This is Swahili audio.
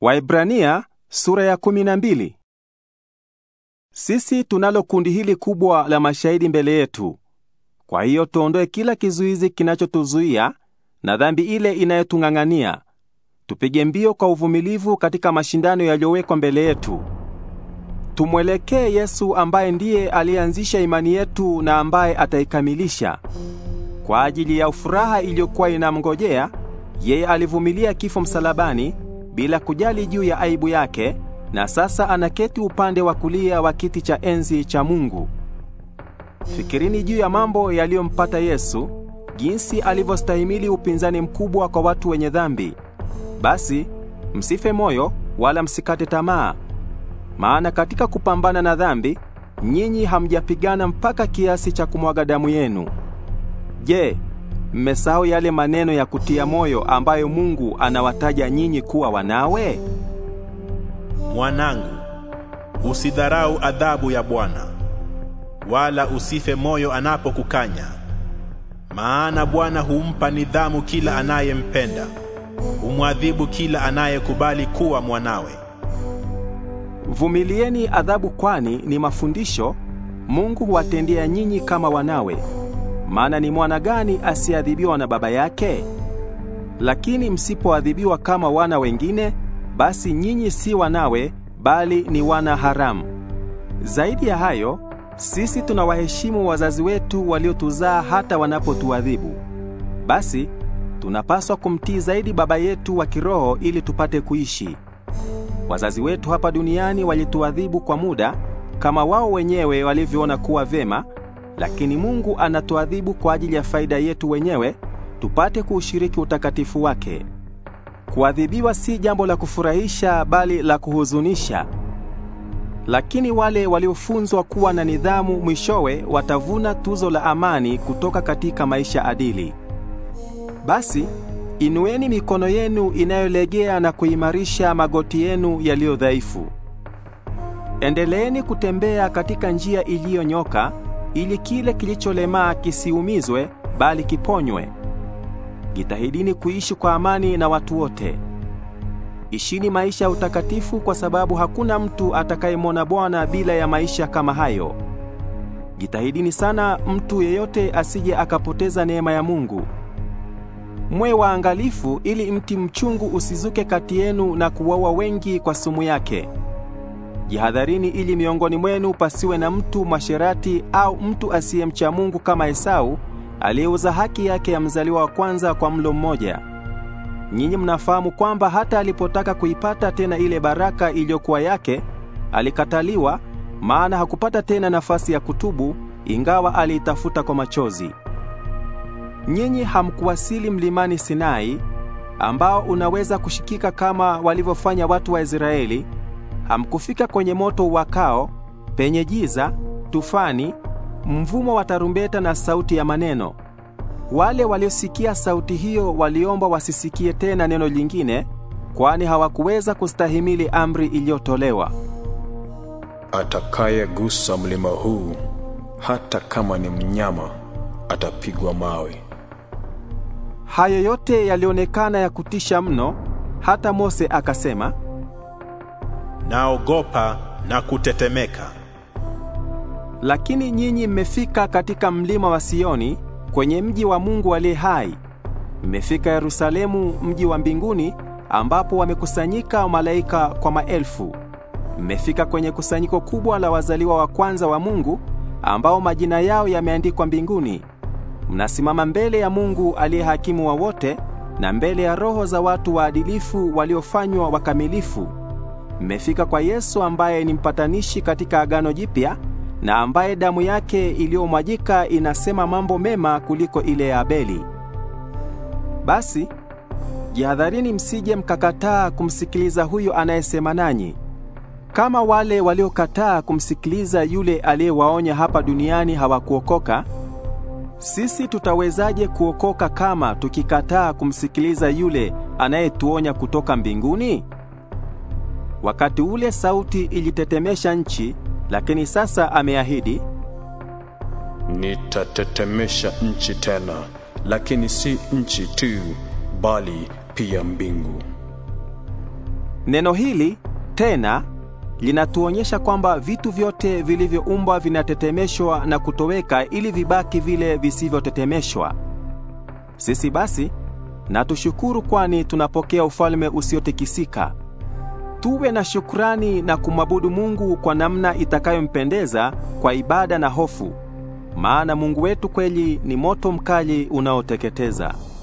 Waibrania sura ya 12. Sisi tunalo kundi hili kubwa la mashahidi mbele yetu. Kwa hiyo tuondoe kila kizuizi kinachotuzuia na dhambi ile inayotung'ang'ania. Tupige mbio kwa uvumilivu katika mashindano yaliyowekwa mbele yetu. Tumwelekee Yesu ambaye ndiye aliyeanzisha imani yetu na ambaye ataikamilisha. Kwa ajili ya furaha iliyokuwa inamngojea, yeye alivumilia kifo msalabani bila kujali juu ya aibu yake, na sasa anaketi upande wa kulia wa kiti cha enzi cha Mungu. Fikirini juu ya mambo yaliyompata Yesu, jinsi alivyostahimili upinzani mkubwa kwa watu wenye dhambi. Basi msife moyo wala msikate tamaa, maana katika kupambana na dhambi nyinyi hamjapigana mpaka kiasi cha kumwaga damu yenu. Je, Mmesahau yale maneno ya kutia moyo ambayo Mungu anawataja nyinyi kuwa wanawe? Mwanangu, usidharau adhabu ya Bwana, wala usife moyo anapokukanya. Maana Bwana humpa nidhamu kila anayempenda, humwadhibu kila anayekubali kuwa mwanawe. Vumilieni adhabu, kwani ni mafundisho Mungu huwatendea nyinyi kama wanawe. Maana ni mwana gani asiyeadhibiwa na baba yake? Lakini msipoadhibiwa kama wana wengine, basi nyinyi si wanawe, bali ni wana haramu. Zaidi ya hayo, sisi tunawaheshimu wazazi wetu waliotuzaa hata wanapotuadhibu. Basi tunapaswa kumtii zaidi baba yetu wa kiroho ili tupate kuishi. Wazazi wetu hapa duniani walituadhibu kwa muda kama wao wenyewe walivyoona kuwa vema, lakini Mungu anatuadhibu kwa ajili ya faida yetu wenyewe, tupate kuushiriki utakatifu wake. Kuadhibiwa si jambo la kufurahisha, bali la kuhuzunisha. Lakini wale waliofunzwa kuwa na nidhamu mwishowe watavuna tuzo la amani kutoka katika maisha adili. Basi inueni mikono yenu inayolegea na kuimarisha magoti yenu yaliyo dhaifu. Endeleeni kutembea katika njia iliyonyoka ili kile kilicholemaa kisiumizwe, bali kiponywe. Jitahidini kuishi kwa amani na watu wote. Ishini maisha ya utakatifu, kwa sababu hakuna mtu atakayemwona Bwana bila ya maisha kama hayo. Jitahidini sana mtu yeyote asije akapoteza neema ya Mungu. Mwe waangalifu, ili mti mchungu usizuke kati yenu na kuwaua wengi kwa sumu yake. Jihadharini ili miongoni mwenu pasiwe na mtu masherati au mtu asiyemcha Mungu kama Esau aliyeuza haki yake ya mzaliwa wa kwanza kwa mlo mmoja. Nyinyi mnafahamu kwamba hata alipotaka kuipata tena ile baraka iliyokuwa yake, alikataliwa, maana hakupata tena nafasi ya kutubu, ingawa aliitafuta kwa machozi. Nyinyi hamkuwasili mlimani Sinai ambao unaweza kushikika kama walivyofanya watu wa Israeli hamkufika kwenye moto uwakao, penye giza, tufani, mvumo wa tarumbeta na sauti ya maneno. Wale waliosikia sauti hiyo waliomba wasisikie tena neno lingine, kwani hawakuweza kustahimili amri iliyotolewa. Atakayegusa mlima huu, hata kama ni mnyama, atapigwa mawe. Hayo yote yalionekana ya kutisha mno, hata Mose akasema naogopa na kutetemeka. Lakini nyinyi mmefika katika mlima wa Sioni, kwenye mji wa Mungu aliye hai. Mmefika Yerusalemu, mji wa mbinguni, ambapo wamekusanyika malaika kwa maelfu. Mmefika kwenye kusanyiko kubwa la wazaliwa wa kwanza wa Mungu, ambao majina yao yameandikwa mbinguni. Mnasimama mbele ya Mungu aliye hakimu wa wote na mbele ya roho za watu waadilifu waliofanywa wakamilifu mmefika kwa Yesu ambaye ni mpatanishi katika agano jipya na ambaye damu yake iliyomwajika inasema mambo mema kuliko ile ya Abeli. Basi jihadharini, msije mkakataa kumsikiliza huyo anayesema nanyi, kama wale waliokataa kumsikiliza yule aliyewaonya hapa duniani hawakuokoka. Sisi tutawezaje kuokoka kama tukikataa kumsikiliza yule anayetuonya kutoka mbinguni? Wakati ule sauti ilitetemesha nchi, lakini sasa ameahidi, nitatetemesha nchi tena, lakini si nchi tu, bali pia mbingu. Neno hili tena linatuonyesha kwamba vitu vyote vilivyoumbwa vinatetemeshwa na kutoweka ili vibaki vile visivyotetemeshwa. Sisi basi na tushukuru, kwani tunapokea ufalme usiotikisika tuwe na shukrani na kumwabudu Mungu kwa namna itakayompendeza kwa ibada na hofu, maana Mungu wetu kweli ni moto mkali unaoteketeza.